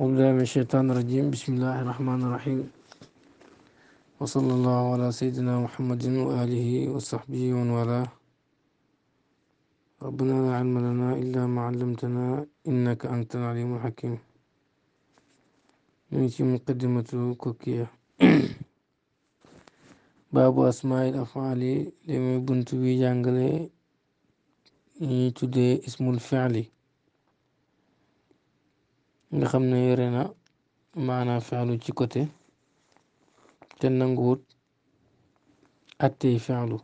أعوذ من الشيطان الرجيم بسم الله الرحمن الرحيم وصلى الله على سيدنا محمد وآله وصحبه ومن والاه ربنا لا علم لنا إلا ما علمتنا إنك أنت العليم الحكيم نيجي مقدمة كوكية باب أسماء الأفعال لما يبنت بي جانجلي ñuy اسم الفعل nga xam ne yore na maanaa fi'lu ci côté te nanguwut atté fi'lu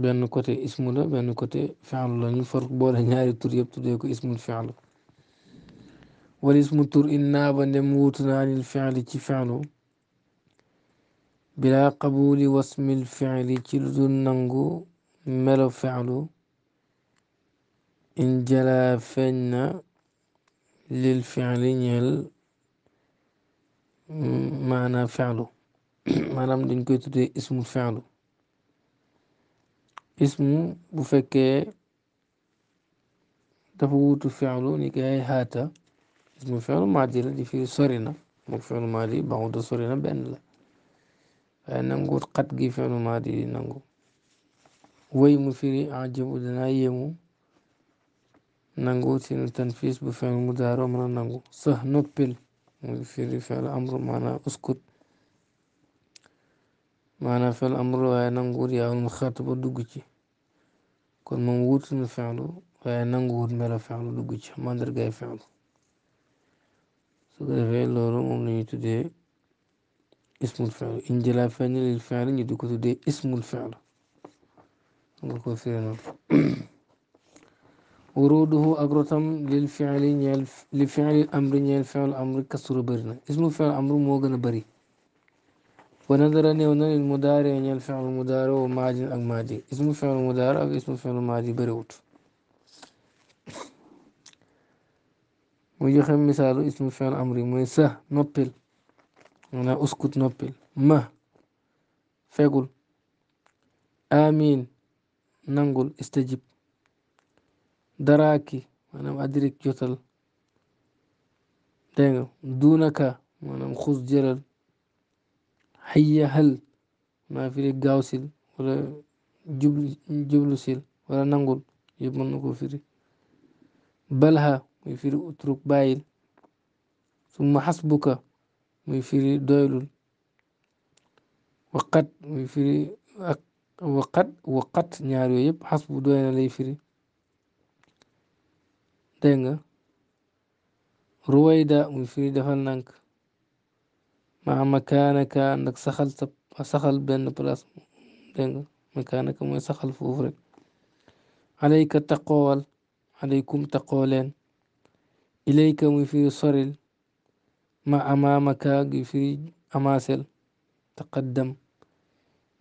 benn côté ismu la benn côté fi'lu la ñu for boole ñaari tur yëpp tuddee ko ismul fi'lu wal ismu tur in naaba ndem wuutu naa lil fi'li ci fi'lu bilaa qabuli wasmil fi'li ci lu dul nangu melo fi'lu in jala feeñ na lil fi'li ñeel maana fi'lu maanaam dañ koy tuddee ismu fi'lu ismu bu fekkee dafa wuutu fi'lu ni ki ay haata ismu fi'lu maadi la di firi sori na mook fi'lu maadi baxuta sori na benn la waaye nanguut xat gi fi'lu maadi nangu woy mu firi ajabu danaa yéemu نانغو تين التنفيذ بفعل المضارع من نانغو صح نوبل في فعل أمر معنا أسكت معنا فعل أمر هاي نانغو يا المخاطب دوغتي كون موجود من فعله هاي نانغو ملا فعله دوغتي ما ندر جاي فعله سوغ فعل لورو مملي تدي اسم الفعل إن جلا فعل الفعل يدوكو تدي اسم الفعل نقول كثير نقول وروده أقرتم للفعل يلف لفعل الأمر يلف فعل الأمر كسر برنا اسم فعل الأمر موجن بري ونظر نيونا المدارع يلف فعل المدارع وماجن أجمادي اسم فعل المدارع اسم فعل الماجي بروت ويجي خم مثال اسم فعل الأمر ميسا نوبل أنا أسكت نوبل ما فقل آمين ننقل استجب daraaki maanaam adrik jotal dégg nga duunaka maanaam xus jëlal xayya hal maa firi gaaw sil wala jublu jublu sil wala nangul yëpp mën na koo firi balha muy firi utruk bàyyil summa xasbuka muy firi doylul waqat muy firi ak waqat waqat ñaar yooyu yëpp xasbu doy na lay firi دينغ رويدا مفيدة فلنك مع مكانك عندك سخل تب سخل بين بلاس دينغ مكانك مو سخل فوفرك عليك تقول عليكم تقولين إليك مفيد صرل مع أمامك في أماسل تقدم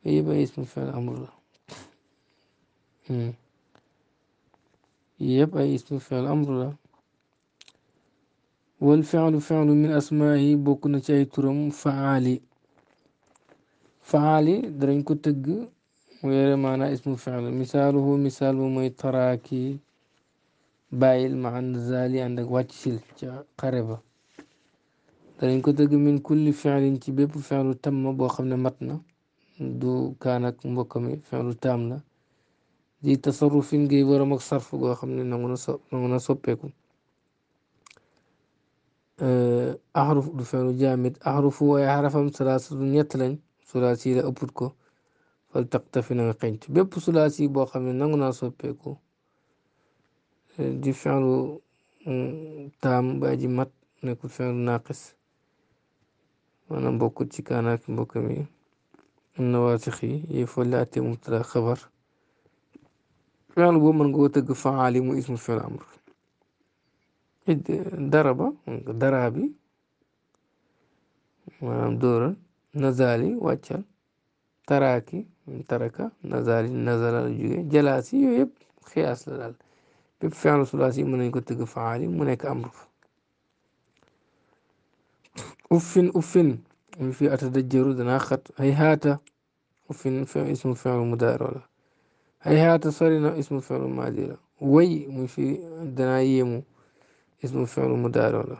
إيه اسم فعل أمر الله yëpp ay ismu fiil amr la wal fiilu fiilu min asmaahi bokk na ci ay turam faali faali darañ ko tëgg mu yore maanaa ismu fiil misaaluhu misaal bu mooy taraaki bàyyil ma ànd zaali ànd ak wàcc sil ca xare ba danañ ko tëgg min kulli fiilin ci bépp fiilu tam boo xam ne mat na du kaan ak mbokk mi fiilu taam la di tasarrufin gi waram ak sarf goo xam ne nangu na so nangu na soppeeku axruf du feenu jaamit axrufu waaye xarafam sulaasi du ñett lañ sulaasi la ëpput ko fal taqtafi na nga xenc bépp sulaasi boo xam ne nangu naa soppeeku di feenu taam ba ji mat nekkul feenu naaqis maanaam bokkut ci kaanaak mbokk mi am na waasix yi yi folle atte mubtada xabar يعني هو من قوة قفا عالم واسم في الأمر ضرب ضرابي دورا نزالي واتشال تراكي تركة نزالي نزل الجوية جلاسي يويب خياس لال بيب سلاسي من يكون تقف عالي من يك أمر أفن أفن في أتدجرو دناخت هي هاتا أفن في اسم فعل مدار ولا هيهات صار اسم الفعل الماضي له وي مشي دنايمو اسم الفعل المضارع له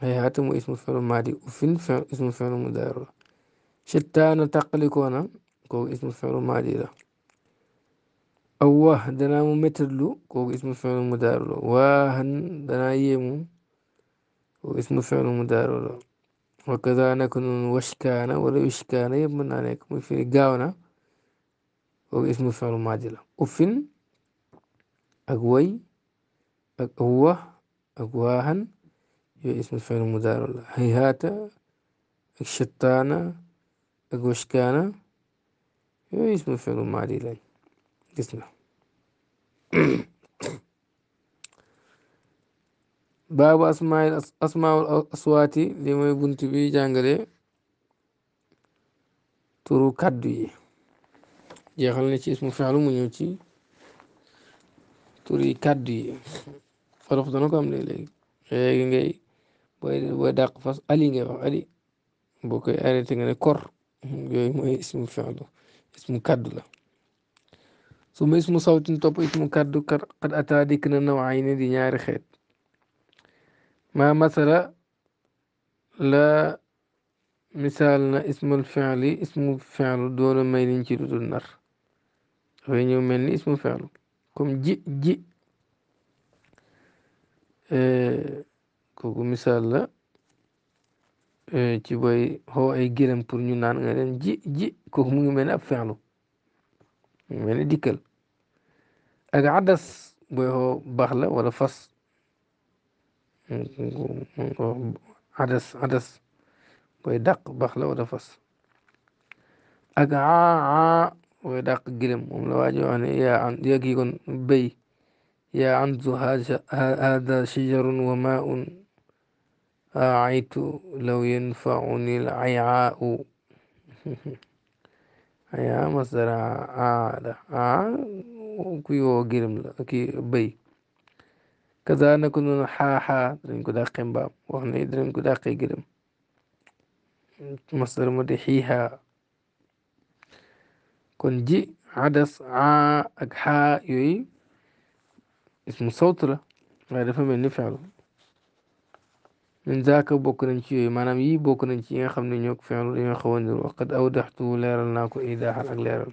هاي مو اسم الفعل الماضي وفين فعل اسم الفعل المضارع له شتان تقلقونا كو اسم الفعل الماضي له أوه دنا مو مترلو كو اسم الفعل المضارع له واهن دنايمو كو اسم الفعل المضارع له وكذا نكون وشكانا ولا وشكانا يبمن عليك مفي قاونا هو واسمه فعل ماضي له أفن أقوي أقوه أقواهن اسم فعل مضارع له هيهات الشطانة أقوشكانة اسم فعل ماضي له اسمه باب أسماء أسماء الأصوات لما يبنت بي جانجلي ترو كدو jeexal na ci ismu fi'lu mu ñëw ci tur yi kàddu yi farof dana ko am léeg-léeg léegi booy booy dàq fas ali ngay wax ali boo koy arrêté nga ne kor yooyu mooy ismu fi'lu ismu kàddu la su ma ismu sawtin topp ismu kàddu qad ataa dikk na nawaayi di ñaari xeet ma masala la misaal na ismul fi'li ismu fi'lu doona may niñ ci lu dul nar dafay ñëw mel ni ismu fi'l comme ji ji eh, kooku misaal la eh, ci booy xoo ay gëlëm pour ñu naan nga leen ji ji kooku mu ngi mel ni ab fi'l mu mel ni dikkal ak adas booy xoo baax la wala fas adas adas booy baax la wala way dàq gëlëm moom la waa ji wax yaa an yaa kii kon béy yaa anzu hada shajarun wa maun aaytu law yanfauni l ayaau ayaa masdara aada aa kuy woo gëlëm la kii béy kaza nako noonu xaaxaa dinañ ko dàqee mbaam wax ne dinañ ko dàqee gëlëm ma de xiihaa kon ji adas a ak xaa yooyu ismu sawt la waaye dafa mel ni min zaaka bokk nañ ci yooyu maanaam yi bokk nañ ci yi nga xam ne ñoo feelu dañoo xaw a niroo qad awdaxtu leeral naa ko idaaxal ak leeral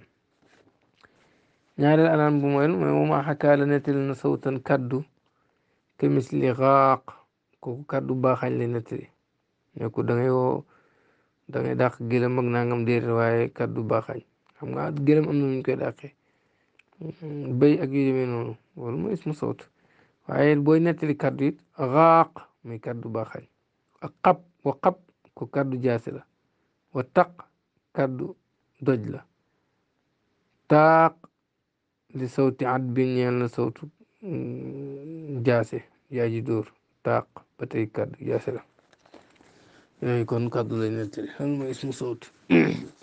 ñaareel anaan bu moyen mooy u xakaa la nettali sawtan kaddu ke misli xaaq kooku kaddu baaxañ la nettali ne ko da ngay woo da ngay dàq gëlëm ak nangam waaye kaddu baaxañ xam nga gëlëm am na nu ñu koy dàqee béy ak yu demee noonu loolu mooy ismu sawt waaye booy nettali kaddu it xaaq muy kaddu baaxañ ak xab ko kaddu jaasi la wa taq kaddu doj la taaq li sowti at bi ñeel na sawtu mm, jaase yaa ji dóor taaq ba tey kaddu jaase la kon kaddu lay nettali lan mooy ismu sawt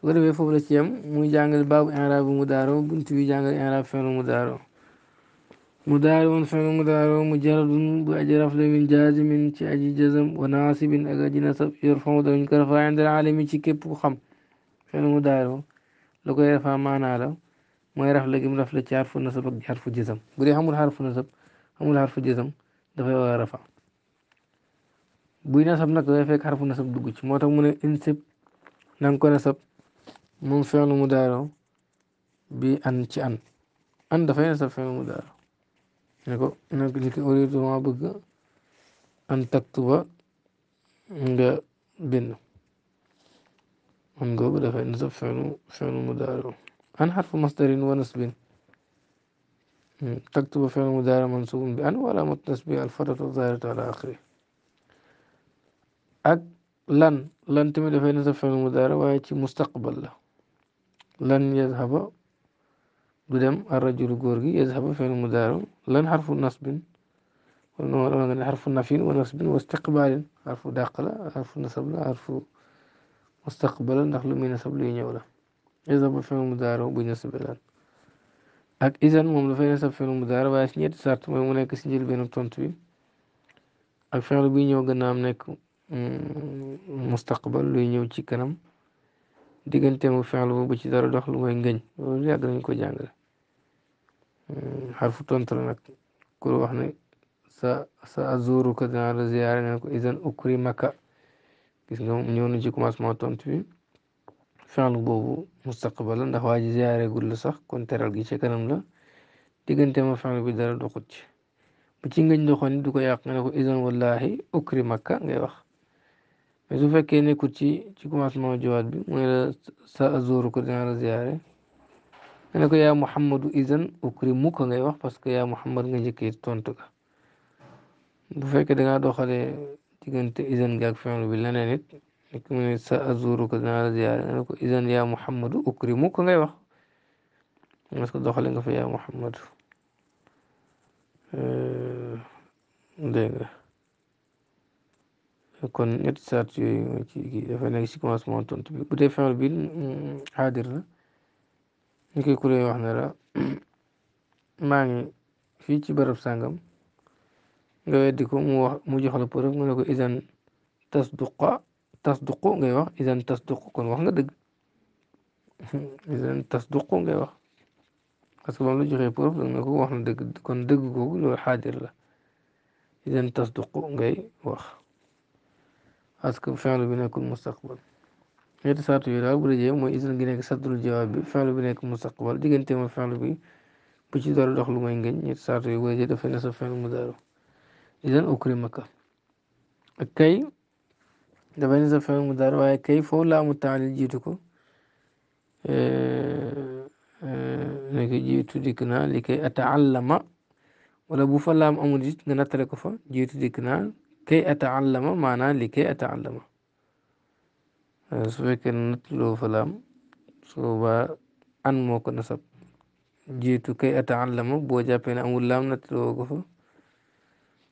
su ko defee foofu la ci yem muy jàngal baabu inraab bu mudaaroo bunt bi jàngal inraab fi'lu mudaaroo mudaaroo fi'lu mudaaroo mujarradun bu aji raf la min jaazimin ci aji jazam wa naasibin ak aji nasab yorfon danañ ko rafaa indal alimi ci képp ku xam fi'lu mudaaroo la koy rafaa maanaa la mooy raf la gim raf la ci xarfu nasab ak xarfu jazam bu dee xamul xarfu nasab xamul xarfu jazam dafay war a rafaa buy nasab nag dafay fekk xarfu nasab dugg ci moo tax mu ne insib na nga ko nasab moom fi'lu mudaari bi an ci an an dafay ne sa fi'lu mudaari ne ko ne ko ni ko uriidu dama bëgg an taktuba nga bind an googu dafay ne sa fi'lu fi'lu mudaari an xarfu masdarin wa nasbin تكتب فعل مضارع منصوب بأن وعلامة نصبه الفتحة الظاهرة على آخره أك لن لن تمد فعل نصب فعل مضارع وهي مستقبل له lan yazhaba du dem arrajulu góor gi yazhaba fi'l mudaari lan xarfu nasbin wala nga ne xarfu nafin wa nasbin wa istiqbalin xarfu dàq la xarfu nasab la xarfu lu muy nasab luy ñëw la yazhaba fi'l mudaari bu nasab lan ak izan moom dafay nasab fi'l mudaari waaye si ñetti sart mooy mu nekk si njëlbeenu tontu bi ak fi'l bi ñëw gannaaw nekk mm, mustaqbal luy ñëw ci kanam. diggante mu fexlu bu dara dox lu mooy ngëñ loolu yàgg nañ ko jàngale hmm, xarfu tontu la nag ku wax ne sa sa azuru ko dinaa la ko izan ukri makka gis nga ñëw na ci commencement tont bi fexlu boobu mustaqbal la ndax waa ji ziyaare gul la sax kon teral gi ci kanam la diggante mu fexlu bi dara doxut ci bu ci ngëñ doxoon du ko yàq nga ne ko izan wallahi ukri makka ngay wax su fekkee nekkul ci ci commencement jawaab bi mu ne la sa azooru ko dinaa la ziyaare nga ne ko yaa Muhammadu izan ukrimuka ngay wax parce que yaa um Muhammad nga njëkkee tontu ga bu fekkee da ngaa doxalee diggante izan gaag fi'il bi leneen it nekk mu ne sa azooru ko dinaa la ziyaare ko izan yaa Muhammadu ukrimuka ngay wax parce que doxale nga fa yaa Muhammadu eh, dégg kon ñetti sart yooyu mooy nekk si commencement tontu bi bu dee fexeel bi xaadir la wax ne la maa ngi fii ci barab sàngam nga weddi ko mu wax mu jox la preuve nga ne ko isan tasduqa tasduqu ngay wax isan tasduqu kon wax nga dëgg isan tasduqu ngay wax parce que ba mu la joxee preuve da nga ko wax na dëgg kon dëgg googu loolu xaadir la isan tasduqu ngay wax. parce que fenlu bi nekkul mustaqbal ñetti saatu yooyu daal bu dajee mooy ism gi nekk saddul jawaab bi fenlu bi nekk mustaqbal diggante ma fenlu bi bu ci dara dox lu may saatu yooyu bu dajee dafay nasab fenlu mu daaru idan ukrimaka ak kay dafay nasab fenlu mu daaru waaye kay foofu laamu taalil jiitu ko eh, eh, nekk jiitu dikk li kay ataallama wala bu fa laam amul it nga nattale ko fa jiitu dikk kay ataallama maanaa li kay ataallama su fekkee natuloo falaam su boobaa an moo ko nasab jiitu kay ataallama boo jàppee ne amul laam natuloo ko fa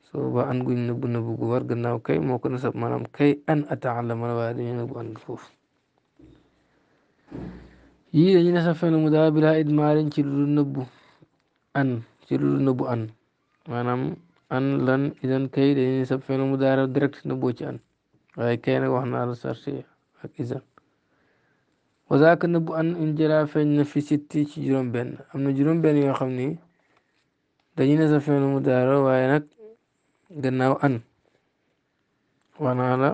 su boobaa an guñ nëbbu nëbbu gu war gannaaw kay moo ko nasab maanaam kay an ataallama la waaye dañu nëbbu an gi foofu yii dañu nasab fen an ci lu an lan idan kay dañuy sab fenn mu daara direct na boo ci an waaye kayna nag wax naa la sarti ak isan na bu an in jëraa na fi sitti ci juróom-benn am na juróom-benn yoo xam ni dañuy ne sab fenn mu daara waaye nag gannaaw an wax naa la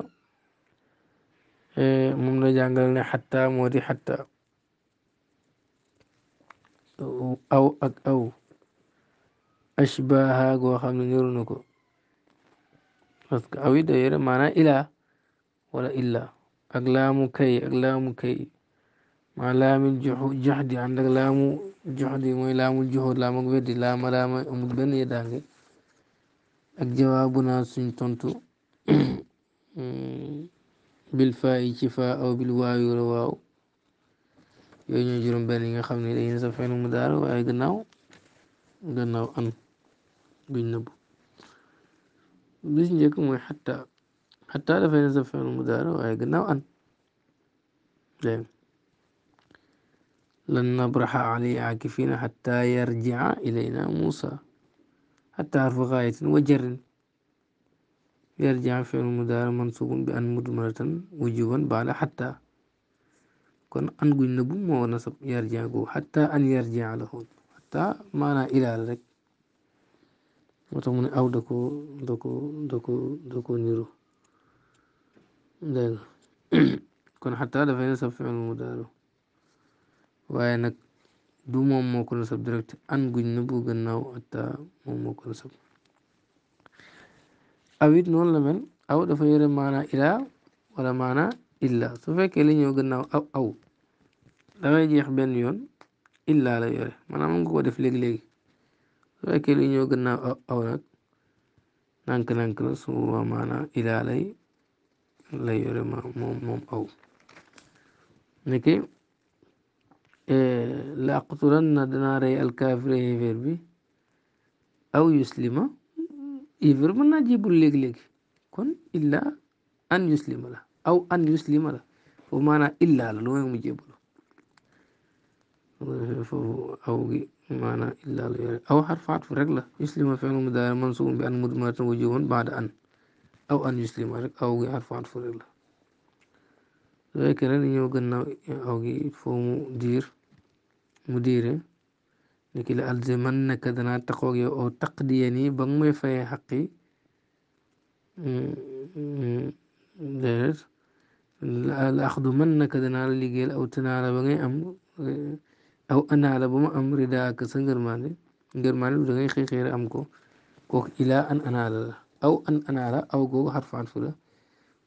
eh, moom la jàngal ne xatta di xatta aw ak aw ashbaaha goo xam ne niru na ko parce que awi da yore maanaa ilaa wala illaa ak laamu kay ak laamu kay ma laamin joxdi ànd ak laamu joxdi mooy laamul laama laama amul benn yeddaange ak jawaabu naa tontu bil faa yi ci faa bil waayu la waaw yooyu ñooy juróom nga xam ne dañuy sa fenn waaye gannaaw gannaaw an بالنبو بإذن يكون حتى حتى لا فين نزل فعل مضارع أن زين لن نبرح عليه عاكفين حتى يرجع إلينا موسى حتى عرف غاية وجر يرجع في المدارة منصوب بأن مدمرة وجوبا بعد حتى كن أن نبو ما نصب يرجع حتى أن يرجع له حتى ما إلى لك moo tax mu ne aw da koo da niru dégg kon xataa dafay nasab fiil mudaari waaye nag du moom moo ko nasab direct an guñ na bu gannaaw xataa moom moo ko nasab awit noonu la mel aw dafa yore maanaa ilaa wala maanaa illa su fekkee li ñëw gannaaw aw aw dafay jeex benn yoon illa la yore maanaam mën nga ko def léegi-léegi su fekkee lu ñëw gannaaw aw nag nànk-nànk la su boobaa maanaam lay lay yore moom aw niki e, la qutulan na danaa rey alkaafira yéeféer bi aw yuslima yéeféer mën naa jibul léegi-léegi kon illa an yuslima la aw an yuslima la foofu maanaam illa la lu mu jébbalu aw gi maana illaa lu yore aw xarfu atf rek yuslima fi'lu mudaari mansuubun bi an mudmaratin wujuuban ba'da an aw an yuslima rek aw gi xarfu atf rek la su fekkee rek ñëw gannaaw aw gi foo mu diir mu diire ni ki la alzamannaka danaa taxaw ak aw taqdiyani ba may fayee xaqi mm, déedéet la axdumannaka danaa la liggéeyal aw tanaala ba am أو أنا على بما أمر دا كسن جرمالي جرمالي بدون خير خير أمكو كوك إلى أن أنا على أو أن أنا على أو جو حرف عن فلة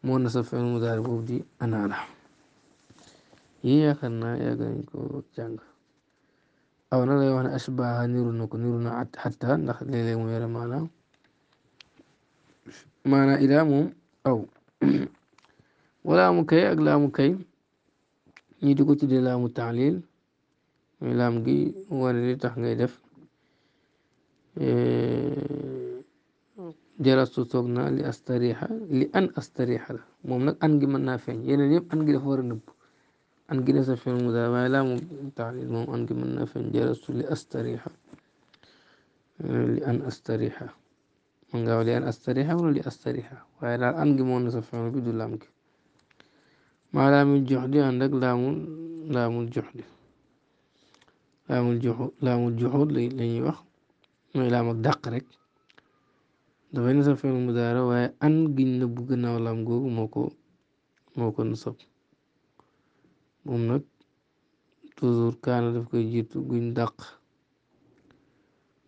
مو نصف في المدار بودي أنا على هي يا خنا يا جنكو جنغ أو أنا لا يوان أشبه نيرنا كنيرنا حتى نخل ليه مير مانا مانا إلى مم أو ولا مكي أغلى مكي يدكوت دلا متعليل muy laam gi wane li tax ngay def jalastu toog naa li astariha li an astariha la moom nag an gi mën naa feeñ yeneen yëpp an gi dafa war a nëbb an gi dafa feeñ mu daal waaye laamu taalil moom an gi mën naa feeñ jalastu li astariha li an astariha man ngaa li an astariha wala li astariha waaye daal an gi moo na sa feeñ bi du laam gi maanaam jox di ànd ak laamul laamul jox di laamul juxu laamul juxuut la ñuy wax mooy laam ak dàq rek dafay nasab fi'l mudaari waaye an giñ na bu gannaaw laam googu moo ko moo ko nasab moom nag toujours kaana daf koy jiitu guñ dàq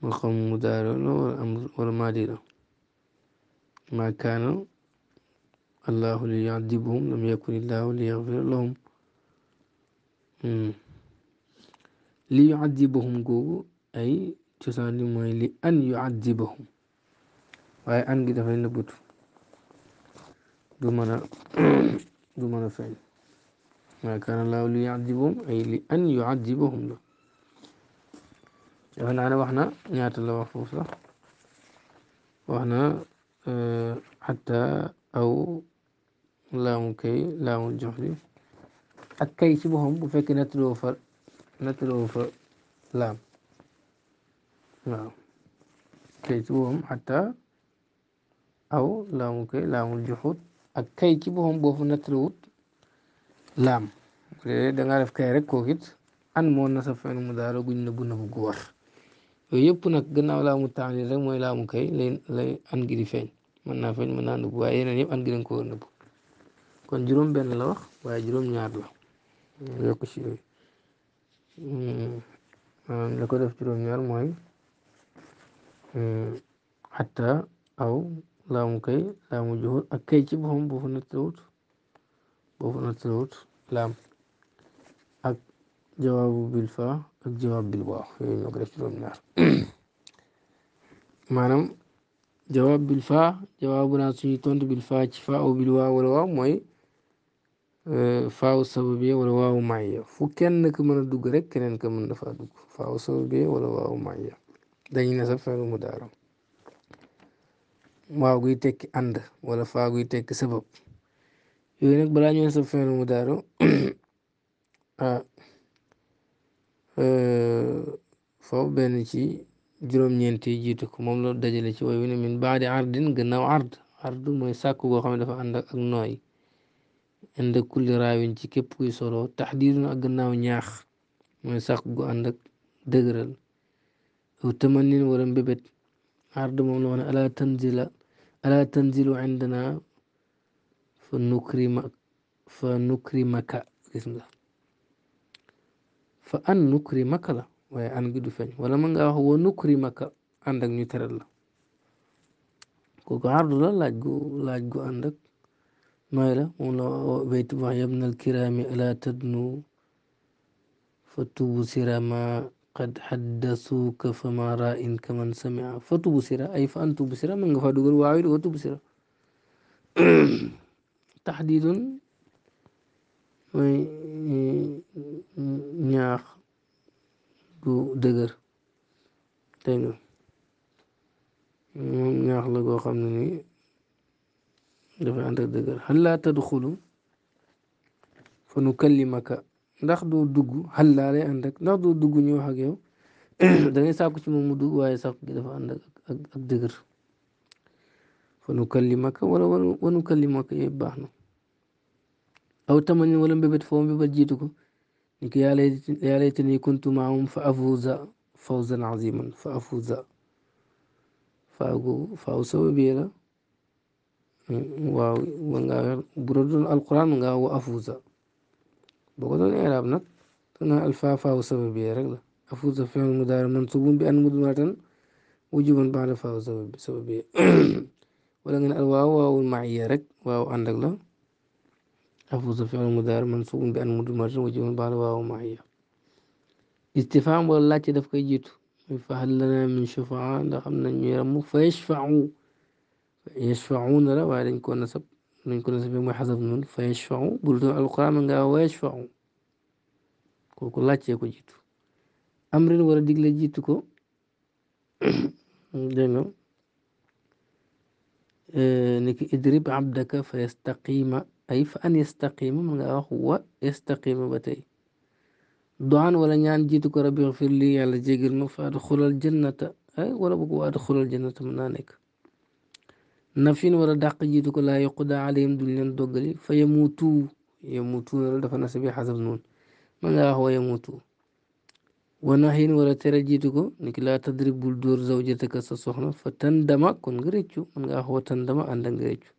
moo xam mudaari la wala am wala maadi la maa kaana allahu li yu'adibahum lam yakun illaahu li yaxfira lahum hmm. ليعذبهم جو اي تسان لي لان يعذبهم أي ان غي دافاي نبوت دو مانا فعل ما كان الله ليعذبهم اي لان يعذبهم لا وانا انا وحنا نيات الله وفوصا وحنا أه حتى او لا مكي لا مجهلي اكيسبهم وفكنت لو فرق nattaloo fa laam waaw kay ci xatta aw laamu kay laamul joxut ak kay ci boppam boo fa nattalowut laam bu dee kay rek kooku an moo nasab fen mu daara guñ na bu gu war yooyu yëpp nag gannaaw laamu taalil rek mooy laamu kay lay an gi feeñ mën naa feeñ mën naa nëbb waaye yeneen yëpp an gi dañ ko kon juróom benn la wax waaye juróom ñaar la maanaam mm, la ko def juróom-ñaar mooy mm, xatta aw laamu kay laamu juhur ak kay ci boppam boo fa nattalawut boo fa nattalawut laam ak jawaabu bil fa ak jawaab bil waaw yooyu ñoo bil fa jawaabu naa suñu tontu bil fa ci fa aw bil waaw wala waaw mooy faaw sababiya wala waawu maaya fu kenn ka mën a dugg rek keneen ka mën na faa dugg faaw sababiya wala waawu maaya dañu ne sa felu mu daaro waaw guy tekki ànd wala faa guy tekki sabab yooyu nag balaa ñoo sa felu mu daaro ah eh, faw benn ci juróom-ñeent jiitu ko moom la dajale ci woy wi ne min baadi ardin gannaaw ard ard mooy sàkk goo xam ne dafa ànd ak nooy inda kulli raawin ci képp kuy solo taxdiirun ak gannaaw ñaax mooy sax gu ànd ak dëgëral aw tamanin wala mbébét ard moom la wax ne ala tanzila ala tanzilu indana fa nukrima fa nukrimaka gis nga fa an nukrimaka la waaye an gi du feeñ wala ma nga wax wa nukrimaka ànd ak ñu teral la kooku ardu la laaj gu laaj gu ànd ak mooy la moom la bayt wax yabna alkiraami alaa tadnu fa tubu sira ma qad xaddasuuka fama ra in kaman samia fa tubu sira ay fa an tubu sira man nga fa dugal waawi wa tubu sira taxdiidun mooy eh, ñaax du dëgër tey la goo xam دفعت عندك دقر هلا تدخل فنكلمك ناخذ دوغو هلا لي عندك ناخذ دوغو نيو حق يو داني ساكو سي مومو دوغو واي ساكو دفع عندك اك دقر فنكلمك ولا ونكلمك يا باهنا او تمني ولا مبيت فوم ببل جيتوكو نيك يا ليتني كنت معهم فافوز فوزا عظيما فافوز فاغو فاوسو بيرا waaw mën ngaa yor bu doon alquran mën ngaa woo afuusa boo ko doon irab nag dana alfaafaawu sababiya rek la afuusa fi'l mudaari mansuubun bi an mudmaratan wujuban ba'da faawu sababiya wala nga ne alwaaw waawul maiya rek waaw ànd ak la afuusa fi'l mudaari mansuubun bi an mudmaratan wujuban ba'da waaw maiya istifhaam wala laajte daf koy jiitu fahal lanaa min shufa'aa ndax am nañ ñu yaram mu fa yashfa'u يشفعون له وهذا يكون نسب من كل نسب يوم حذف منه فيشفعون بلد على القرآن من قال ويشفعون كل كل شيء كجيتو أمر الورد يقول جيتو كو دينو نك إدرب عبدك فيستقيم أي فأن يستقيم من قال هو يستقيم بتي دعان ولا نيان جيتو كربي غفر لي على جيجر مفاد خل الجنة أي ولا بقوا أدخل الجنة منانك nafin wala dàq jiitu ko laa yuqda alayhim duñ leen doggali fa yamutu yamutu dafa nasab bi xasab man ngaa wax wa yamutu wa wala tere jiitu ko ni ki laa tadrib bul dóor zawjataka sa soxna fa tandama kon nga rëccu man ngaa wax wa tandama ànd ak nga rëccu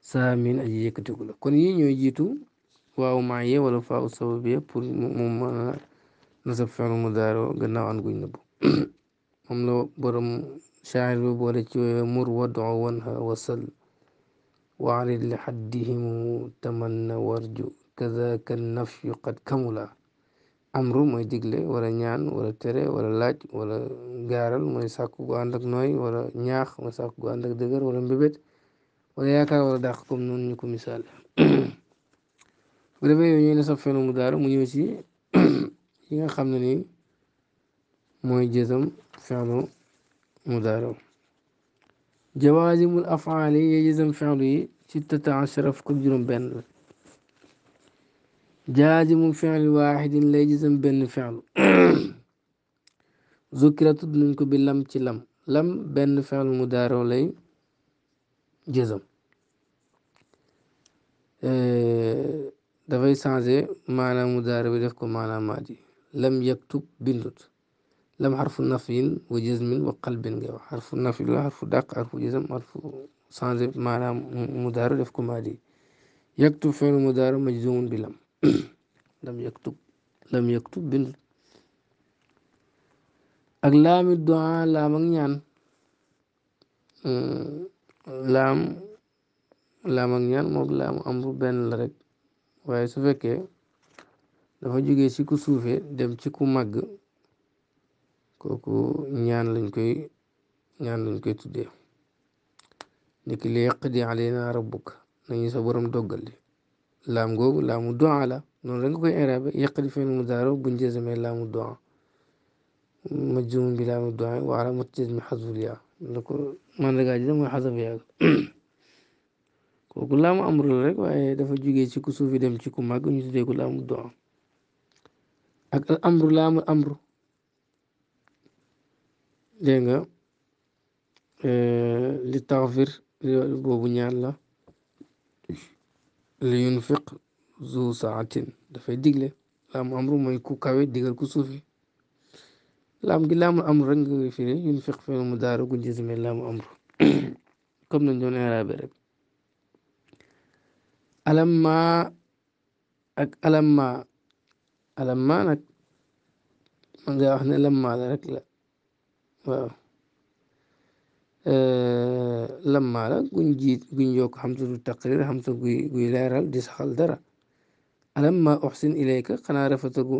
saa miin kon yii ñooy jiitu waaw maa wala faaw sababiya pour moom nasab fenn mu daaroo gannaaw an guñ nëbb shaacir bi boole ci woy mur wadu wanha wasal waarid li xaddihimu tamanna warju kazaka nafyu qad kamula amru mooy digle wala ñaan wala tere wala laaj wala gaaral mooy sàkku gu ànd ak nooy wala ñaax mooy sàkku gu ànd ak dëgër wala mbébét wala yaakaar wala dàq comme noonu ñu ko misaal bu defee yow ñooy ne sax fenn mu daara mu ñëw ci yi nga xam ne nii mooy jësam fenn mudaaroo jawaazimul afaali yi jësam fenlu yi sittata ashara fukk ak juróom benn la jaazimu fenli waaxidin lay jësam benn fenlu zukkira tudd nañ ko bi lam ci lam lam benn fenlu mudaaroo lay jësam dafay changé maanaam mudaaroo bi def ko maanaam maadi lam yaktub bindut lam xarfu nafyin wa jazmin wa qalbin ngay wax xarfu nafyi la xarfu dàq xarfu jazm xarfu changé maanaam mudaaru def ko maadi yaktub fi'lu mudaaru majzumun bi lam lam yaktub lam yaktub bind ak laami du'a laam laam ak ñaan moog laamu amru benn la rek waaye su fekkee dafa jógee ci ku suufee dem ci ku màgg kooku ñaan lañ koy ñaan lañ koy tuddee ndiki li yaqdi alayna rabbuk nañu sa borom doggal laam googu laamu du'a la noonu la nga koy irabe yaqdi fi'l mudaari buñ jazme laamu du'a majzuum bi laamu du'a wa alaamatu jazmi xasful yaa la ko mandagaa ji mooy xasaf yaa kooku laamu amru rek waaye dafa jugee ci ku suufi dem ci ku màgg ñu tuddee ko laamu du'a ak al amru laamu amru dégg nga eh, li taxfir boobu ñaan la li yunfiq zu saatin dafay digle laam amru mooy ku kawe digal ku suufi laam gi laamu amru rek nga yunfiq fee mu daara gu jisme laamu amru comme nañ doon arabe rek alamma ak alamma alamma nag man nga wax ne lamma la rek waaw eh, lammaa la guñ jiit guñ yokk xamsa du taqrir xamsa guy guy leeral di dara alamma oxsin ilayka xanaa rafetagu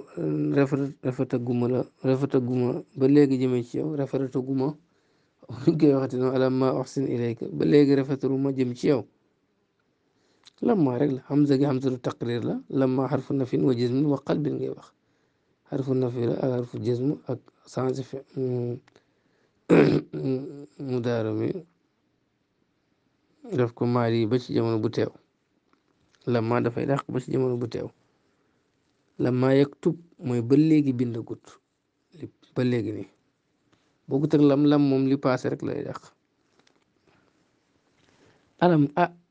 rafetaguma la rafetaguma ba léegi jëmee ci yow rafetaguma ñu koy waxati ilayka ba léegi rafetaluma jëm ci yow lamma rek gi xamsa du taqrir la lamma xarfu nafin wa jismin wa qalbin ngay wax xarfu la xarfu jism ak sens mu daaro mi def ko maari ba ci jamono bu teew lamma dafay dàq ba ci jamono bu teew lamma yaktub mooy ba léegi bindagut ba léegi nii bokkut ak lam lam moom li paase rek lay dàq alam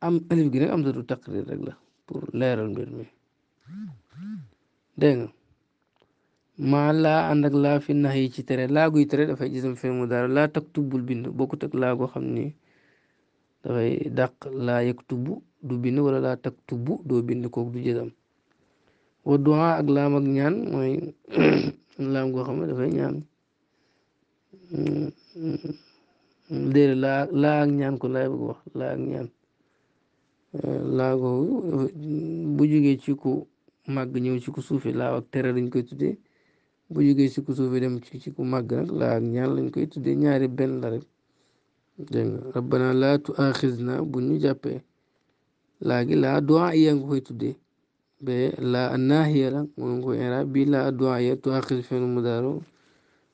am alif gi nag am satu taqrir rek la pour leeral mbir mi dégg maa laa ànd ak laa fi nax ci tere laa guy tere dafay jisam fee mu daara laa tak tubbul bind bokkut ak laa goo xam ni dafay dàq laa yëg tubb du bind wala laa tak tubb doo bind kooku du jësam wa duha ak laam ak ñaan mooy laam goo xam ne dafay ñaan mm-hmm. déedéet laa laa ñaan ko laay bëgg wax laa ak ñaan eh, laa googu bu jógee ci ku màgg ñëw ci ku suufe laa ak tere dañ koy tuddee bu jógee si ku suuf yi dem ci ci ku màgg nag laa ñaan lañ koy tuddee ñaari benn la rek dégg laa tu axis na bu ñu jàppee laa gi laa duwaa iya nga koy tuddee ba laa annaahiya la moom nga koy tu axis feenu mu daaro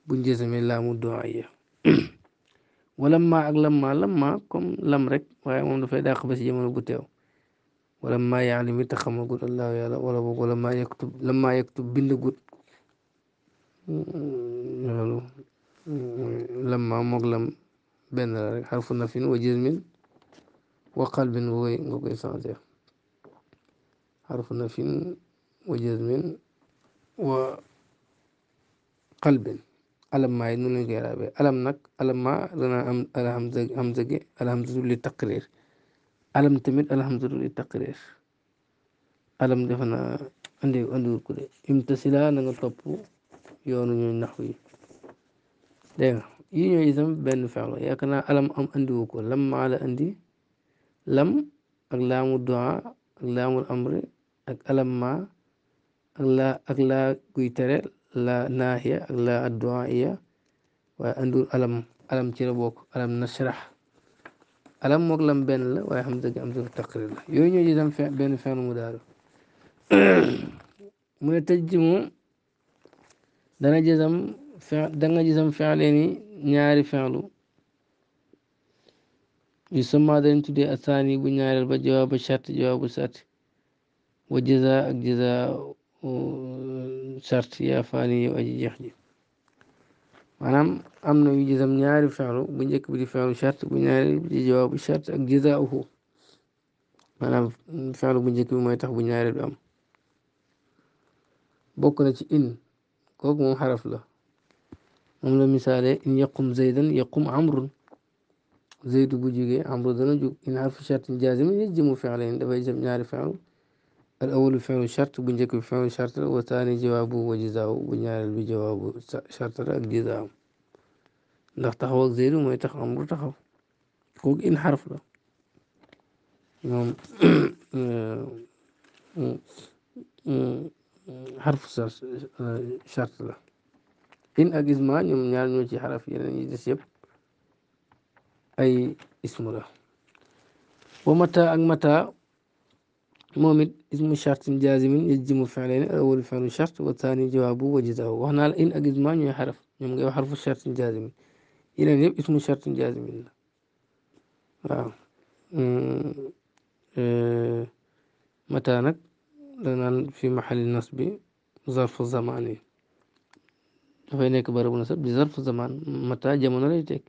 bu ñu jësamee laa mu duwaa iya wala maa ak lamma lam rek waaye moom dafay dàq ba si jamono bu teew wala maa yaalim it xamagul allahu yàlla wala boog wala maa yaktub lamma yaktub يعني لما مغلم بين حرف نفي وجزم وقلب وغي وغي سانزير حرف نفي وجزم وقلب ألم ما ينون الجرابي ألم نك ألم ما رنا أم ألم همزة ألم للتقرير ألم تمد ألم للتقرير ألم دفنا عندي عندي كده امتسلا نغطبو يورني النحوي ده ين يزم بن فعله يا كنا ألم أم عندي وكل لم على عندي لم أقلام الدعاء أقلام الأمر أقلام ما أقلا أقلا قيتر لا ناهية أقلا الدعاء يا وعندو ألم ألم تربوك ألم نشرح ألم مغلم بين الله ويحمد لك أمزل التقرير الله يوين يجي بين فعل مدارو من التجمو dana jësam fin danga jësam finle ñaari finlu yu sama dañ tuddee asaani bu ñaareel ba jawaabu chart jawaabu chart wa ak jëza chart yaa faani aji jeex ji maanaam am na yu ñaari finlu bu njëkk bi di finlu chart bu ñaareel bi di jawaabu ak jëza uhu maanaam finlu bu njëkk bi mooy tax bu ñaareel am bokk na ci in كوك مو حرف له أملا مثال إيه؟ إن يقوم زيدا يقوم عمر زيد بوجيجي عمر دنجو إن حرف شرط الجازم يجم فعلين دفع يجم نعرف فعل الأول فعل شرط بنجك فعل شرط والثاني جوابه وجزاؤه بنجار بجوابه شرط الجزاؤه ndax taxawak zeydu mooy tax amru taxaw kook in xarf la ñoom حرف شرط لا إن أجزمان يوم نال نوتي حرف يرن يجسيب أي اسم له ومتى أجمتى مومد اسم شرط جازم يجزم فعلين الأول فعل شرط والثاني جوابه وجزاه وهنا إن أجزمان يوم حرف يوم جاء حرف شرط جازم يرن يجيب اسم شرط جازم لا آه. آه. متى نك لنا في محل النصب ظرف زماني فين يكبر النصب بظرف زمان متى جمعنا ريتك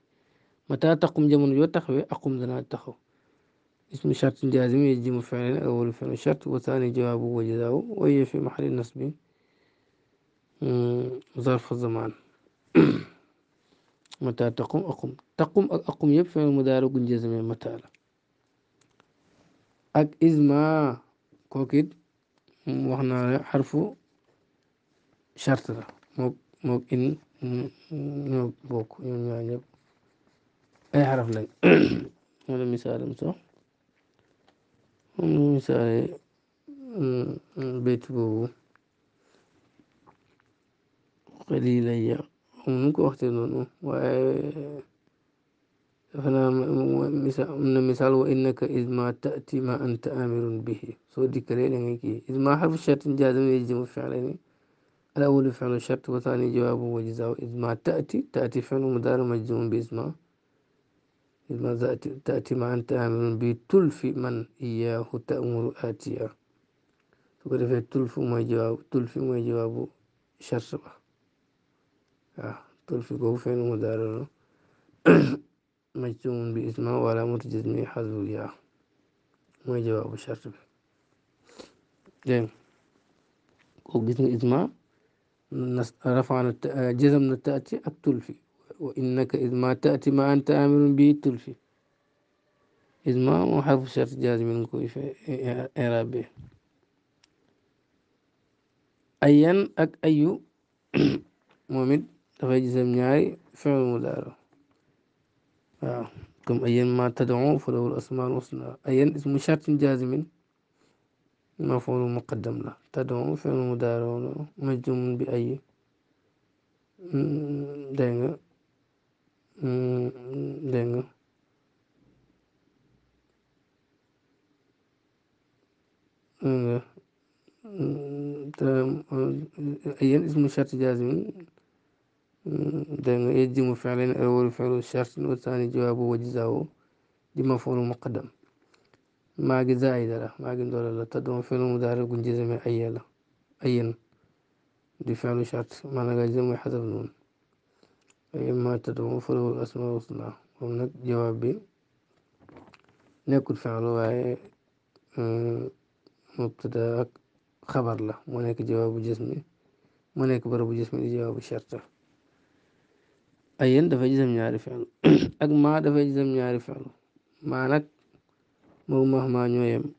متى تقوم جمعنا يتخوي أقوم ذنا تخو اسم شرط جازم يجم فعلا أول فعل شرط وثاني جواب وجزاه وهي في محل النصب ظرف زمان متى تقوم أقوم تقوم أقوم يفعل مدارو جزم متى أك إزما كوكيد وحنا حرفو شرط ده موك موك إن موك بوك يعني أي حرف لين هذا مثال مثلا مثال بيت بو قليلة يا ومنك وقت نونو فلا na misal wa innaka iz ma ta'ti ma anta amirun bihi so dikkale da yake iz ma harfu shartin jazim ne الأول فعل الشرط وثاني جوابه وجزاء إذ ما تأتي تأتي فعل مدار مجزوم بإذ ما إذ ما تأتي, ما أنت آمر به يعني يعني. بتلف من إياه تأمر آتيا تقول في تلف ما جواب تلف ما جواب شرط آه تلف هو فعل مضارع مجزوم باسمه ولا متجزم حذف يا ما جواب الشرط جيم وقسم إجماع رفع عن جزم التأتي التلفي وإنك إذ ما تأتي ما أنت آمر به تلفي إذ ما وحرف شرط من كويف إرابي أيا أك أيو مؤمن تفاجز من ñaari فعل مدارو waaw comme ayyan ma tad'u falahu al-asmaa'ul ismu shartin jaazimin maf'uulun muqaddam la tad'u fi'lun mudaari'un majzuumun bi ay mm, mm, dégg nga dégg nga mm, ismu shartin jaazimin دائما يجزم فعلا أول فعل الشرط والثاني جوابه وجزاؤه دي مفعول مقدم ماجي زائدة لا ماجي دولة لا تدوم فعل مضارع جزم أي لا أي دي فعل شرط ما نجزم حذف نون أي ما تدوم فعل الأسماء الحسنى ومن جوابي نكون fi'l waaye آه، مبتدا خبر xabar la جواب جسمي jawaabu برب جسمي جواب شرطه ayeen dafay jisam ñaari fiil ak maa dafay jisam ñaari fiil maa nag moom maa ñoo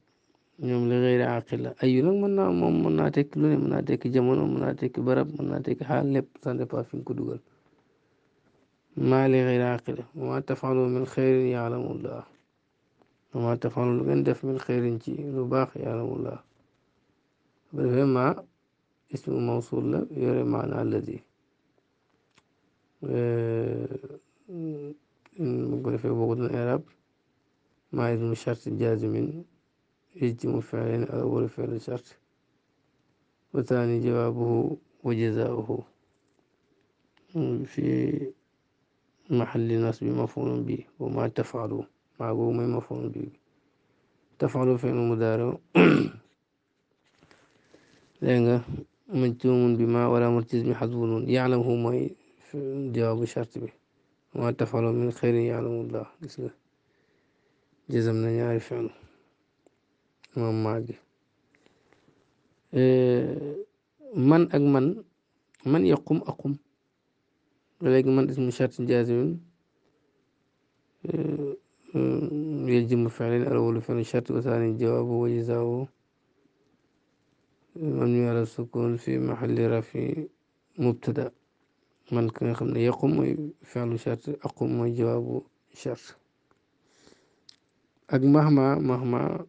ñoom li xëyri àqil la ayu nag mën naa moom mën naa tekki lu ne mën naa tekki jamono mën naa tekki barab mën naa tekki xaal lépp ça dépend fi ko dugal maa li xëyri àqil la wa maa tafalu min xëyrin yaalamullah wa maa tafalu lu ngeen def min xëyrin ci lu baax yaalamullah bu defee maa ismu mawsul la yore maanaa ladi المقول فيه الإعراب مع اسم الشرط الجازم يجزم فعلين أول فعل الشرط وثاني جوابه وجزاؤه في محل نصب مفعول به وما تفعلوا قوم مفعول به تفعل فعل مضارع لأنه مجزوم بما ولا ملتزم بحذف يعلم هو اه، اه، اه، جواب شرط به ما تفعلوا من خير يعلم الله gis nga jazam na ñaari fi'l moom màgg من ak man man yaqum aqum léegi man ismu shart يلزم فعلين الأول فعل الشرط وثاني الجواب وجزاه من على السكون في محل رفي مبتدأ من كان يقوم فعل شر أقوم جواب شر أك مهما مهما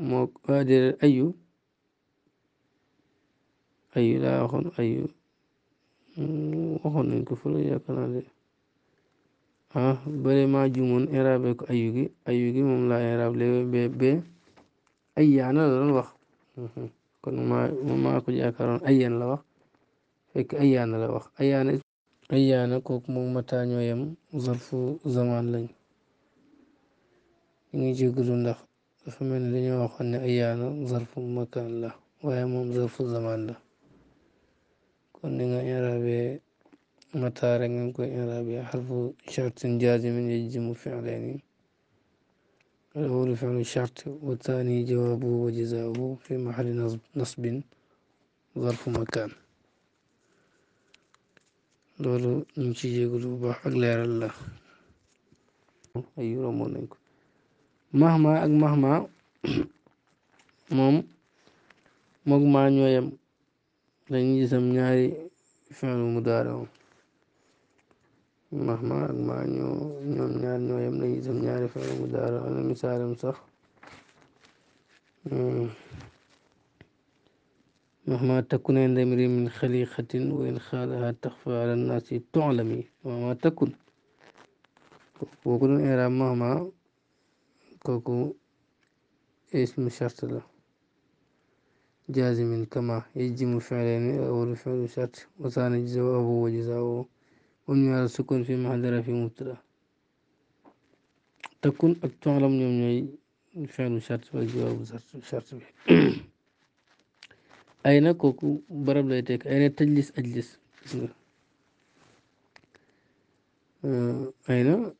مقادر أيو أيو لا أخن أيو أخن إنك فلو يا كنالي آه بري ما جمون إرابك أيوك أيوك مم لا إراب لي بي بي أيانا لن وخ كن ما ما كجاكرون أيان لا وخ فك أيان لا وخ أيان ايانا كوك مو متا نيويم ظرف زمان لن ني جي غلو ندخ فمن لي نيو خن ايانا ظرف مكان لا وهي مو ظرف زمان لا كون ني غي رابي متا رين كو رابي حرف شرط جازم يجزم فعلين الاول فعل شرط والثاني جوابه وجزاؤه في محل نصب ظرف مكان دول నుంచి يقولوا بحق لير الله أيوة مونينكو مهما أك مهما موم موك ما نيويم لن يسم نياري فعل مضارع مهما أك ما نيو نيوم نيار نيويم لن يسم نياري فعل مضارع أنا مثالم صح مم. مهما تكن عند امرئ من خليقة وإن خالها تخفى على الناس تعلمي مهما تكن وكن إعراب مهما كوكو اسم شرط له جازم كما يجزم فعلين أول فعل شرط وثاني جزاؤه وجزاؤه ومن يرى السكون في محل في مبتدا تكن أك تعلم يوم فعل شرط والجواب شرط به أين كوكو برب يديك أين تجلس أجلس آه، أين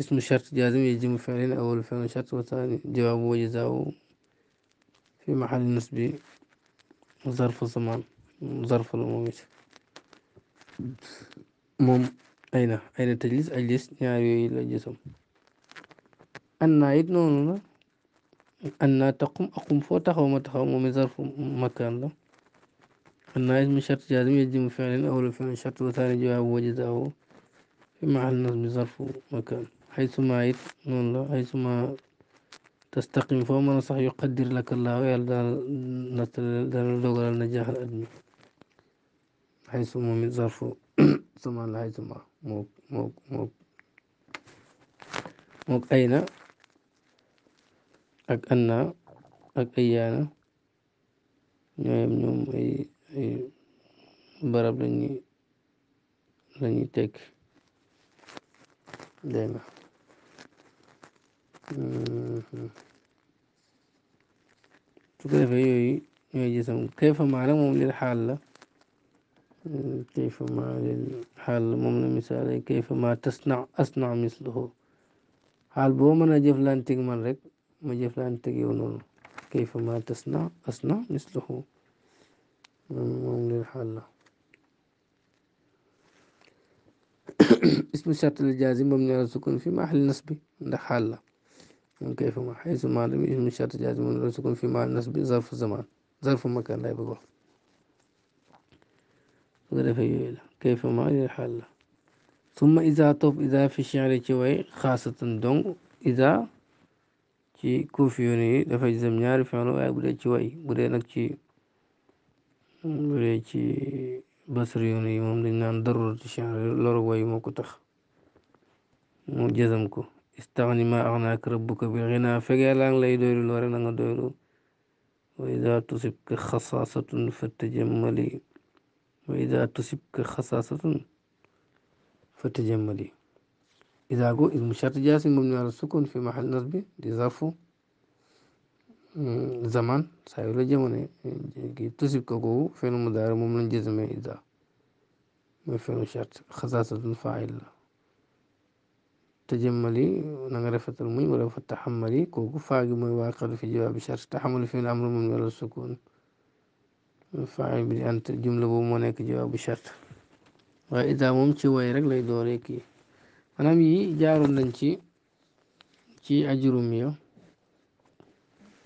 اسم الشرط جازم يجزم فعلين أول فعل شرط وثاني جواب وجزاؤه في محل نسب ظرف الزمان ظرف العمومية مم أين أين تجلس أجلس يعني إلى أنا النعيد نون أنها تقوم أقوم فوتها ومتها ومزار ظرف مكان له أنها اسم شرط جازم يجزم فعلا أو فعل شرط وثاني جواب وجزاءه في محل نصب ظرف مكان حيث ما يت نون نعم لا حيثما تستقيم فهو من صح يقدر لك الله دار دوغر النجاح الأدمي ما من ظرف ثم حيث ما موك موك موك موك أين ak anna ak ayyaana ñooyam ñoom ay barab lañu lañuy tekk dégg mm-hmm. su ko jisam kayfa maa nag moom lil xaal la mm, kayfa la moom la misaal kayfa maa tasna asna misluhu xaal boo mën a jëflanteeg man rek मुझे فلان تجي ونون كيف ما تصنع أصنع مثله مملي الحالة اسم الشرط الجازم مبني على السكون في محل نصب حالة من كيف ما حيث ما لم اسم الشرط الجازم مبني على السكون في محل نصب ظرف زمان ظرف مكان لا يبقى غير في كيف ما الحالة ثم إذا طف إذا في الشعر شوي خاصة دون إذا ci kuufi yoon yi dafay jisam ñaari fenlu waaye bu dee ci way bu nag ci bu ci basri yoon yi moom dañ naan daruratu chenre loru way moo ko tax mu jësam ko istaxni ma axnaak rabbuka bi xinaa fegee laang lay doylu loore na nga doylu wa ida tusibka xasaasatun fatajamali wa ida tusibka xasaasatun fatajamali إذا إذا المشتت جاسم مبني على السكون في محل نصب لظرف زمان سايولو جمعنا يعني تسيب كوكو في المدار ممن جزم إذا ما فين شرط خصاصة فاعل تجملي نغرفة المي ولا فتحملي كوكو فاعل ما واقع في جواب شرط تحمل في الأمر مبني على السكون فاعل بأنت جملة بو جواب شرط وإذا ممشي ويرك لي دوريكي anam yi jaaroon nañ ci ci ajurum ya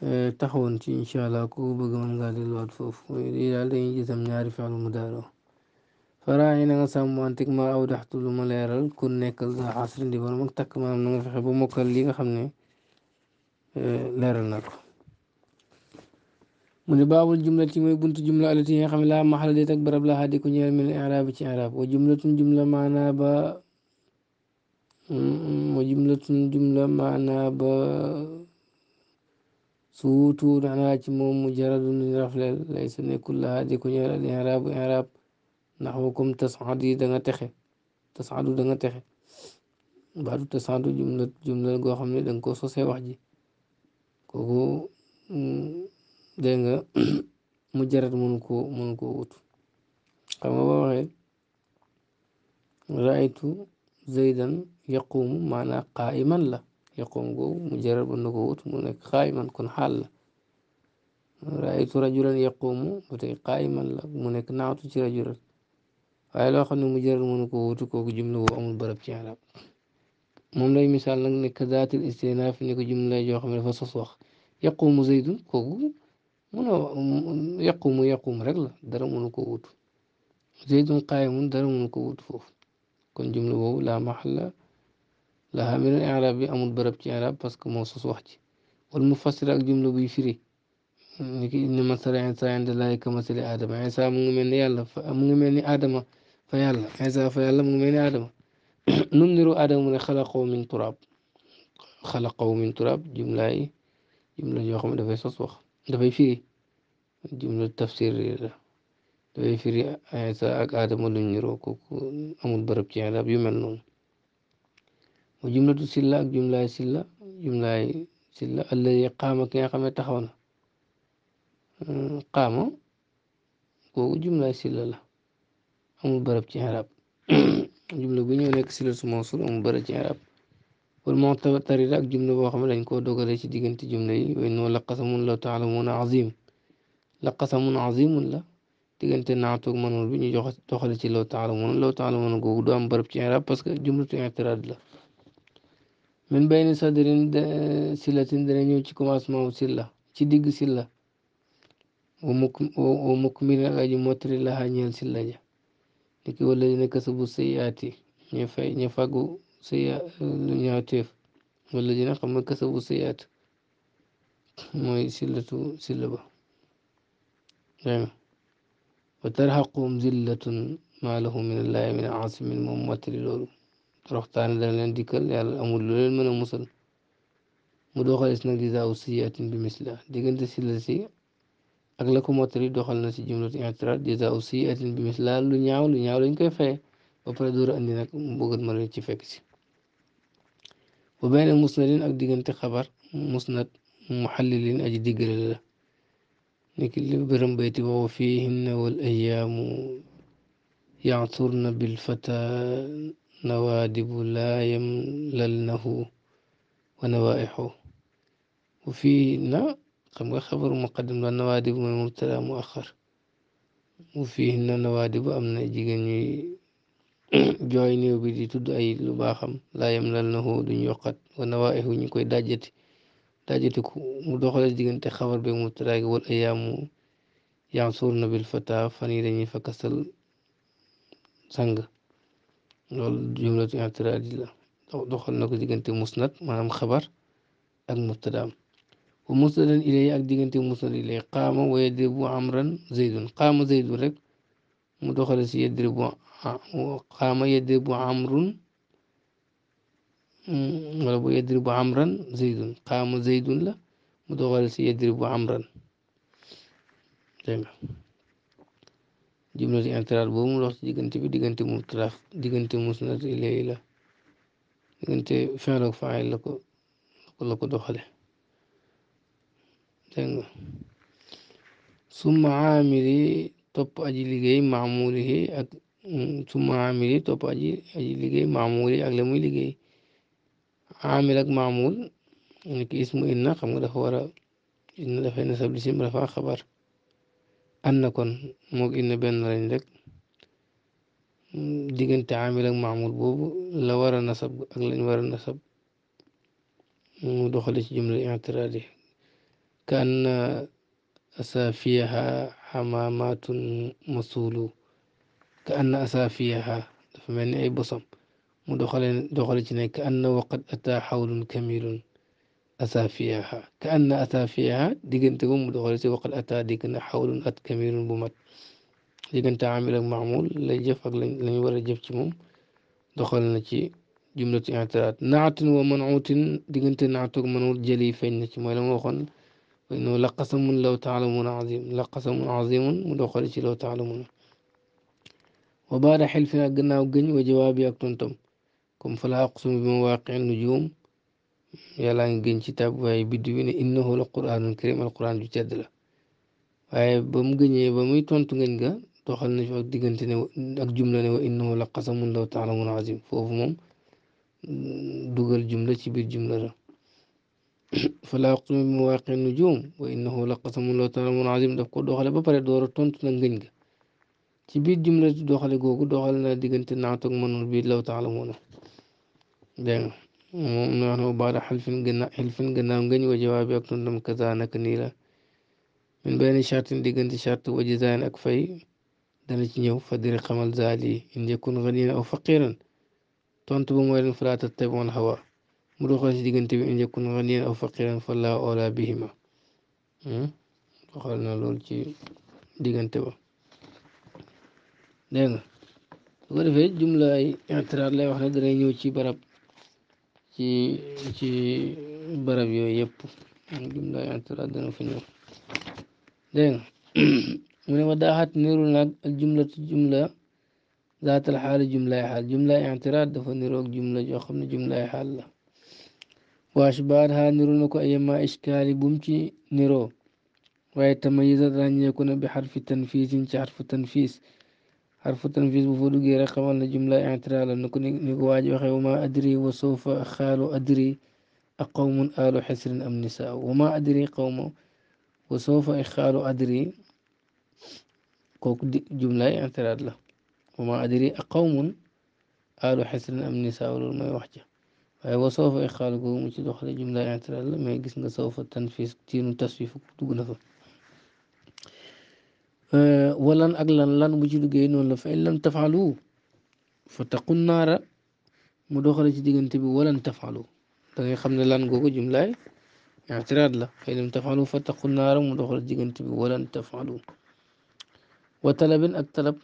e, taxawoon ci incha allah ko bëgg mën ngaa delluwaat foofu lii daal dañuy gisam ñaari fexlu mu daaro fara yi na nga antik ma aw daxtu ma leeral ku nekkal sa xasri ndi borom ak takk maanaam na nga fexe ba mokkal li nga xam ne e, leeral na ko mu ne jumla ci mooy buntu jumla alati yi nga xam ne laa maxala déet barab laa xadi ku ñeel min irab ci irab wa jumlatun jumla maanaa ba wa jumlatun jumla maanaa ba su wuutuwul anaa ci moom mujaradun ni rafleel laysa nekkul lahaa di ko ñeel al i'raabu i'raab naxwa comme tas'adu yi da nga texe tas'adu da nga texe baatu jumla jumla goo xam ne da nga ko sosee wax ji kooku mm, dégg nga mujarad mënu ko mënu ko wut xam nga boo زيدا يقوم معنا قائما لا يقوم جو مجرب النقود منك قائما كن حال رأيت رجلا يقوم بتي قائما لا منك نعوت رجلا أي لو خلنا مجرد منقود كوك جملة وأمر برب تعالى مم لا مثال لك نكذات الاستئناف نك جملة جو خمر فصص وخ يقوم زيد كوك من يقوم يقوم رجلا درم منقود زيد قائم درم منقود فوق كون جملة وو لا محل لها من الإعراب أمود برب تي إعراب بس كموصوص وحج والمفسر أك جملة بيفري إن مثلا عيسى عند الله كمثل آدم عيسى مؤمن يالله مؤمن آدم فيالا عيسى فيالا مؤمن آدم نمنرو آدم من خلقه من تراب خلقه من تراب جملة جملة جوخم دفعي صوص وخ دفعي فيري جملة تفسير day firi Isa ak Adama luñ niro ko amul barab ci adab yu mel non mu jumlatu silla ak jumla silla jumla silla alladi qama ki nga xamé taxawna qama ko jumla silla la amul barab ci arab jumla bu ñëw nek silla su mawsul amul barab ci arab wal mu'tabarida ak jumla bo xamé ne dañ koo dogale ci digënté jumla yi way noo la qasamun law taalamuuna azim la qasamun azimun la diggante naatu ak manul bi ñu jox doxale ci law taalamoon law taalamoon googu du am bërëb ci irab parce que jumlatu i'tirad la min bayni sadrin tin dana ñëw ci commencement silla ci digg silla wa mukk wa mukk mi ak aji mottali laha ñeel silla ja ni ki wala dina kasabu sayyaati ñu fay ñu fàggu sayya lu ñaawteef wala dina xam nga kasabu sayyaat mooy silla ba وترهقهم ذلة ما له من الله من عاصم ممتل لول ترخ تاني دار لنديكل يا الأمور لول من المسل مدوخل اسنا لذا أوسيات بمثلها ديگنت سلسي أغلقو مطري دوخل نسي جملة اعتراض لذا أوسيات بمثلها لو نعو لو نعو لنك فاي وفر دور أندنا بغد مرية فاكسي وبين المسندين أك ديگنت مسند محللين أجي ديگل لكل برم برمبيتي وفيهن والأيام يعثرن بالفتى نوادب لا يمللنه ونوائحه وفيهن كم خبر مقدم للنوادب من مبتدا مؤخر وفيهن نوادب أمن جيغني جويني وبيدي تدعي لباخم لا يمللنه lu baaxam laa yam lal daajatiku mu doxalee diggante xabar bi mu tëraagi wal ayaamu yaasuur na bil fata fan yi dañuy fa kasal sang loolu jumlatu i'tiraadi la doxal na ko diggante musnad maanaam xabar ak mubtadaam wa musnadan ilay ak diggante musnad ilay qaama wa yadribu amran zaydun qaama zaydun rek mu doxale si yadribu qaama yadribu amrun Mm, wala bu yadribu amran zaydun qaama zaydun la mu doxal si yadribu amran dégg nga jumla mu dox si diggante bi diggante mu taraf diggante musnad ilayhi la diggante fi'l ak fa'il la ko la ko doxale dégg nga summa aamili topp aji liggéey maamulihi ak mm, summa aamili topp aji aji liggéey maamuli ak la muy liggéey عاملك معمول انك يعني اسم ان خم ده هو ان ده فين سبب اسم رفع خبر انكن موج ان بين رندك ديجن تعاملك معمول بوب لورا نصب اقل ورا نصب ودخل جملة اعتراضي كأن أسافيها حمامات مصولو كأن أسافيها فمن أي بصم مدخل دخلتنا كأنه وقد أتى حول كميل أثافيها كأن أثافيها ديجنتهم مدخلتي وقد أتى ديجن حول أت كميل بمت ديجنت عامل معمول لا يجف لن يورى جفتهم دخلنا شيء جملة اعتراض نعت ومنعوت ديجنت نعت ومنعوت جلي فين ما لم يكن وإنه لقسم لو تعلمون عظيم لقسم عظيم مدخلتي لو تعلمون وبارح الفنا قلنا وجن وجوابي أكتنتم كم فلا أقسم بمواقع النجوم يلا نجن كتاب وهي بدون إنه القرآن الكريم القرآن جد لا وهي بام جني بام يتون تجن جا تخل نشوف دجن تني أجملة وإنه لقسم الله تعالى من عظيم فوفهم دوغل جملة تبي جملة فلا أقسم بمواقع النجوم وإنه لقسم الله تعالى من عظيم دفق دخل ببر دور تون تنجن جا تبي جملة دخل جوجو دخلنا دجن تناطق من البيت لو تعلمونه dégg nga moom ñu wax ne ubaada xalfin gannaaw xilfin gannaaw ngañ wa jawaabi ak tundam kaza naka nii la min benn chartin diggante chart wa jizaan ak fay dana ci ñëw fadiri xamal zaali in yakun ganiyan aw faqiran tontu bu mooy leen falaata tabion hawa mu doxal ci diggante bi in yakun ganiyan aw faqiran falaa oola bihima doxal na loolu ci diggante ba dégg nga su ko defee jumla ay itiraat lay wax ne dana ñëw ci barab ci ci barab yooyu yëpp alhamdulilah antara dana fa ñëw dégg nga mu ne ma daaxaat niirul nag al jumlatu jumla zaatal xaali jumlaay xaal jumlaay intiraat dafa niroog jumla joo xam ne jumlaay xaal la waashbaar xaa niru na ko ayama iskaali bum ci niroo waaye tamayizat ràññeeku na bi xarfi tanfiisin ci xarfu tanfiis xarfu tanfis bu fa duggee rek xamal na jumla i'tiraa la ni ko ni ko waaji waxee wama adri wa sawfa xaalu adri ak qawmun aalu xisrin am nisaa wama adri qawma wa sawfa xaalu adri kooku di jumla i'tiraa la wama adri ak qawmun aalu xisrin am nisaa loolu mooy wax ja waaye wa sawfa xaalu googu mu ci doxale jumla i'tiraa la mais gis nga sawfa tanfis tiinu taswif dugg na fa آه، ولن أجلن لن lan جين ولا duggee noonu تفعلوا fa in مدخل tafalu fa ولن تفعلوا mu doxale لن diggante جملة اعتراض لا فإن لم تفعلوا فاتقوا النار مدخل الجنة ولن تفعلوا وطلب أكتلب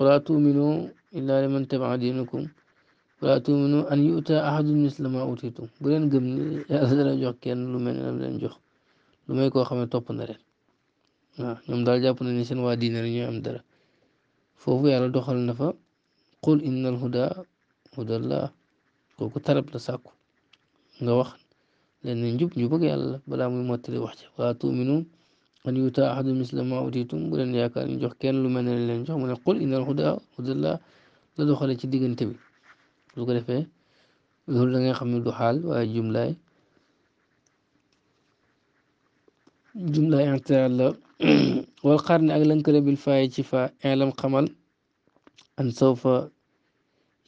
ولا تؤمنوا إلا لمن تبع دينكم ولا تؤمنوا أن يؤتى أحد مثل ما أوتيتم بلن جمني يا أزل جوك كان لمن لم جوك لما يكون خمي توب نرين waaw ñoom daal jàpp nañ ne seen waa diine la ñuy am dara foofu yàlla doxal na fa qul innal huda hudallah kooku tarab la sàkku nga wax leen ne njub ñu bëgg yàlla balaa muy mottali wax ci wala tuuminu an yuta ahadu misla ma utitum bu leen yaakaar jox kenn lu mel ne leen jox mu ne qul innal huda hudallah la doxale ci diggante bi lu ko defee loolu da ngay xam ne du xaal waaye jumlaay la wal xarni ak lënkale bil faay ci fa ilam xamal an sawfa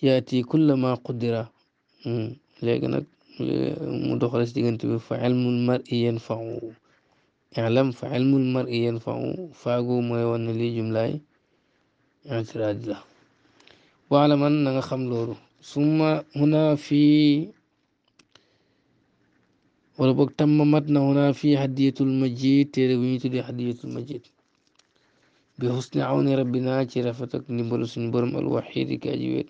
yaati kulla ma qudira hmm, léegi nag mu doxale si diggante bi fa ilmul mar'i yanfau ilam fa ilmul mar'i yanfau faagu mooy wan ne lii jumlaay i'tiraad la waalaman na nga xam loolu summa huna fii وربك تم مدنا هنا في حدية المجيد تروينت دي حدية المجيد بحسن عون ربنا شرفتك نبرس برم الوحيد كاجويت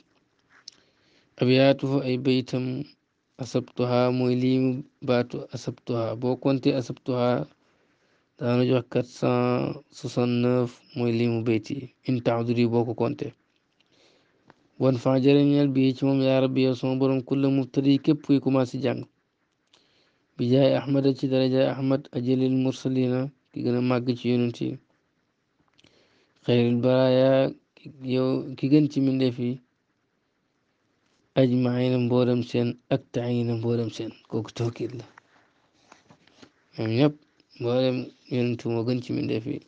أبياته أي بيتم أصبتها مويلي باتو أصبتها بو كنت أصبتها دانو جو كتسان سسنف مويلي بيتي إن تعذري بوكو كنت وانفاجرين يا ربي يا صبرم كل مبتدي كيف فيكم جانب bi ahmad ci darajaay ahmad ajalil mursalina ki gën a màgg ci yonent yi xayril baraya ki gën ci mindeef yi ajmaina mboolem seen ak taayina mboolem seen kooku tawkiit la ñoom ñëpp mboolem yonent moo gën ci mindeef yi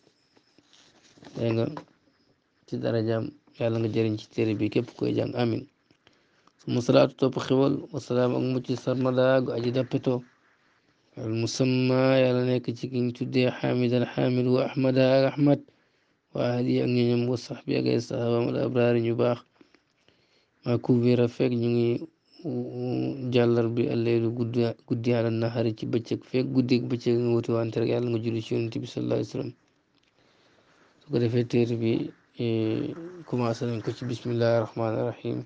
dégg nga ci darajaam yàlla nga jëriñ ci téere bi képp koy jàng amin su masalaatu topp xewal wasalaam ak mucc sarmada gu aji dappetoo المسمى يا لنك تكين تدي حامد الحامد وأحمد الأحمد وأهدي أن ينم وصحبي أجي صحابة من الأبرار نباخ ما كوفي رفاق نجي جالر بي الليل قدي على النهار تبتك فيك قدي بتك نوتو عن ترقى على مجلسي ونتي بس الله يسلم سكرة في تربي إيه، كما أسلم كتش بسم الله الرحمن الرحيم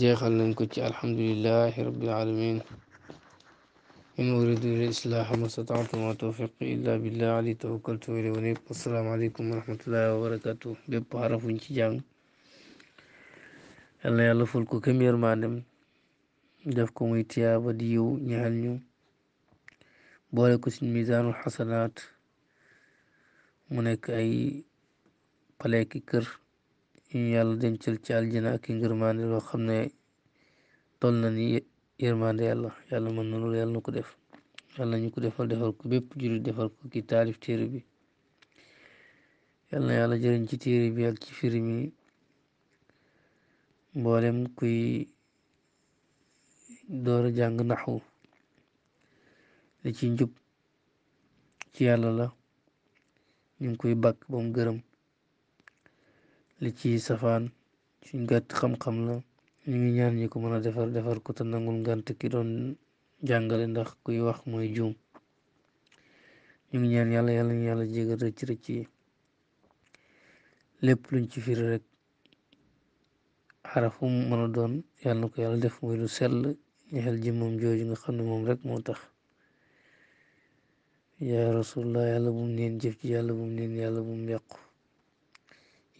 جاء خلنا الحمد لله رب العالمين إن أريد الإصلاح ما استطعت وما توفيقي إلا بالله علي توكلت إليه السلام عليكم ورحمة الله وبركاته بيب عرف ونشي جان يلا يلا فلكو كم يرمى نم دفكم ويتياب وديو نحل نم بولكو سن ميزان الحسنات منك أي بلايك كر إن يلا دنشل چال جناك إن غرمان الوخم نم طولنا نيه yërmande yàlla yàlla mën na loolu yàlla na ko def yàlla ñu ko defal defal ko bépp jullit defal ko ki taalif téere bi yàlla na yàlla jëriñ ci téere bi ak ci firi mi mboolem kuy door a jàng naxu li ci njub ci yàlla la ñu ngi koy bàkk ba mu gërëm li ci safaan suñ gàtt xam-xam la ñu ngi ñaan ñi ko mën a defar defar ko te nangul ngànt doon jàngale ndax kuy wax mooy jum ñu ngi ñaan yàlla yàlla ñu yàlla jégal rëcc rëcc yi lépp luñ ci firi rek xarafu mën a doon yàlla na ko yàlla def muy lu sell ñexel ji moom jooju nga xam ne moom rek moo tax yaa rasulullah yàlla bum neen jëf ci yàlla bum neen yàlla bum yàqu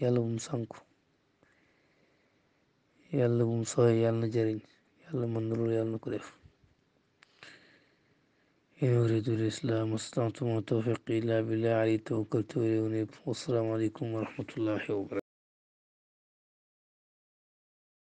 yàlla bum sànku yàlla bu mu sooy yàlla na jëriñ yàlla mën na الإسلام استطعت ما إلا بالله علي توكلت وإليه أنيب والسلام عليكم ورحمة الله وبركاته